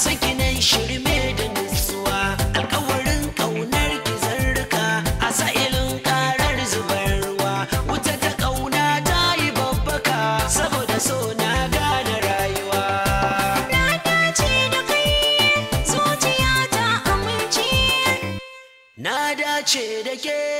sakinan Shirime da nutsuwa alkawarin kaunar ki zarrika a sa'ilin ƙarar zubar ruwa wuta ta ƙauna ta yi babbaka saboda so na gane rayuwa na dace da kai zuciya ta amince na dace da ke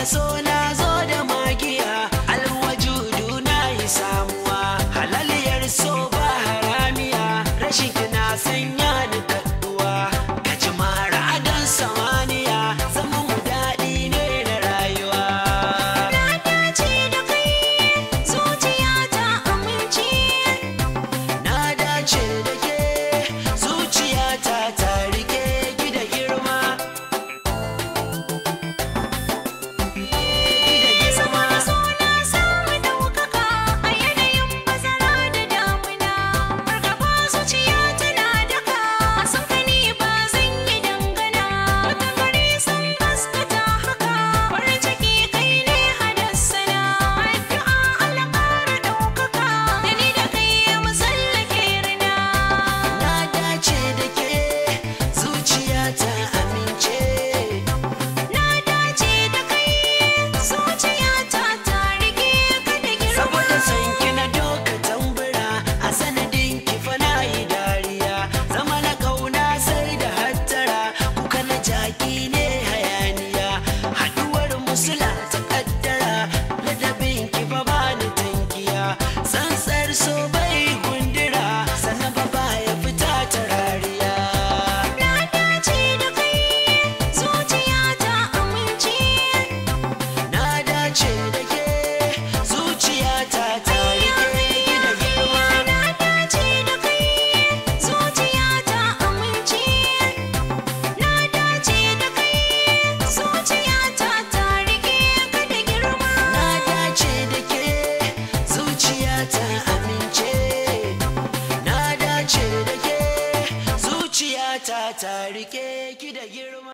da so na ta ta rike ki da girma